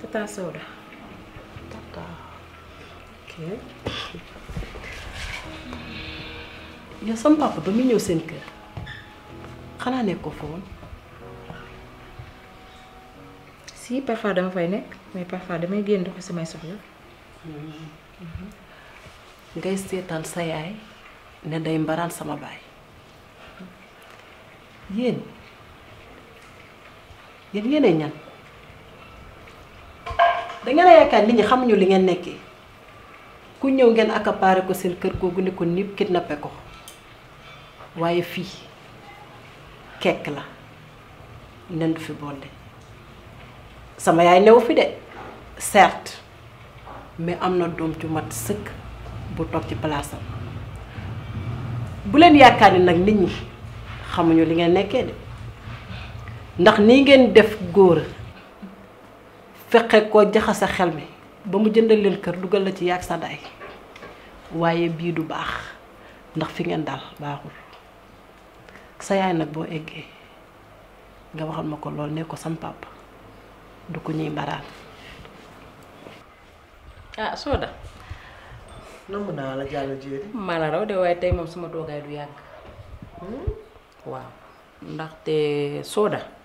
Tata soda. Tata. Okay. Ya mm-hmm. sama papa do mi ñew seen kër Xana nekk ko foon. si parfois dama fay nekk mais parfois damay génn doxi samay soxla. ngay sétal sa yaay ne day mbaral sama bay. yéen yéen yéenay ñan. da ngeen a yaakaar nit ñi xamuñu li ngeen nekkee ku ñëw ngeen accaparé ko seen kër googu ne ko nit kidnappé ko waaye fii kekk la nen du fi boole sama yaay newu fi de certes mais am na doom ju mat sëkk bu toog ci palaasam buleen yaakaar ni nag nit ñi xamuñu li ngeen nekkee de ndax ni ngeen def góor fexe koo jaxase xel mi ba mu jëndal leen kër dugal la ci yaag sa day waaye bii du baax ndax fi ngeen daal baaxul sa yaay nag boo eggee nga waxal ma ko lool ne ko sam papa du ko ñuy mbaraan ah Soda nangu naa la jàll jéeri maa la raw de waaye tey moom suma toogaay du yàgg hmm? waaw ndaxte Soda